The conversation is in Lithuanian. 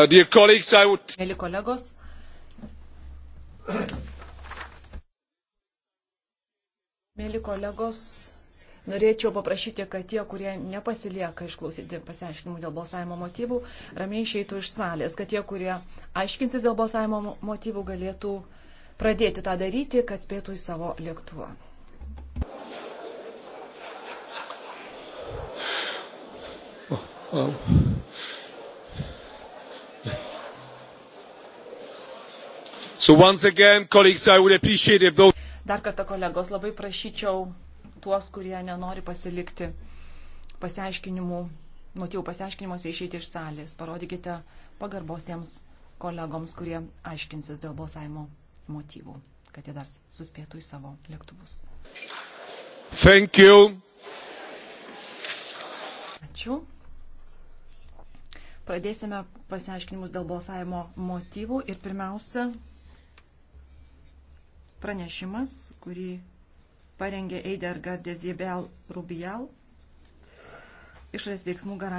Uh, mėly uh, would... kolegos, mėly kolegos, norėčiau paprašyti, kad tie, kurie nepasilieka išklausyti pasiaiškinimų dėl balsavimo motyvų, ramiai išeitų iš salės, kad tie, kurie aiškinsis dėl balsavimo motyvų, galėtų pradėti tą daryti, kad spėtų į savo lėktuvą. Oh, oh. So once again, colleagues, I would appreciate if those... Dar kartą kolegos, labai prašyčiau tuos, kurie nenori pasilikti pasiaiškinimų, motyvų pasiaiškinimuose išeiti iš salės. Parodykite pagarbos tiems kolegoms, kurie aiškinsis dėl balsavimo motyvų, kad jie dar suspėtų į savo lėktuvus. Thank you. Ačiū. Pradėsime pasiaiškinimus dėl balsavimo motyvų ir pirmiausia pranešimas, kurį parengė Eider Gardezibel Rubial, išras veiksmų garantijų.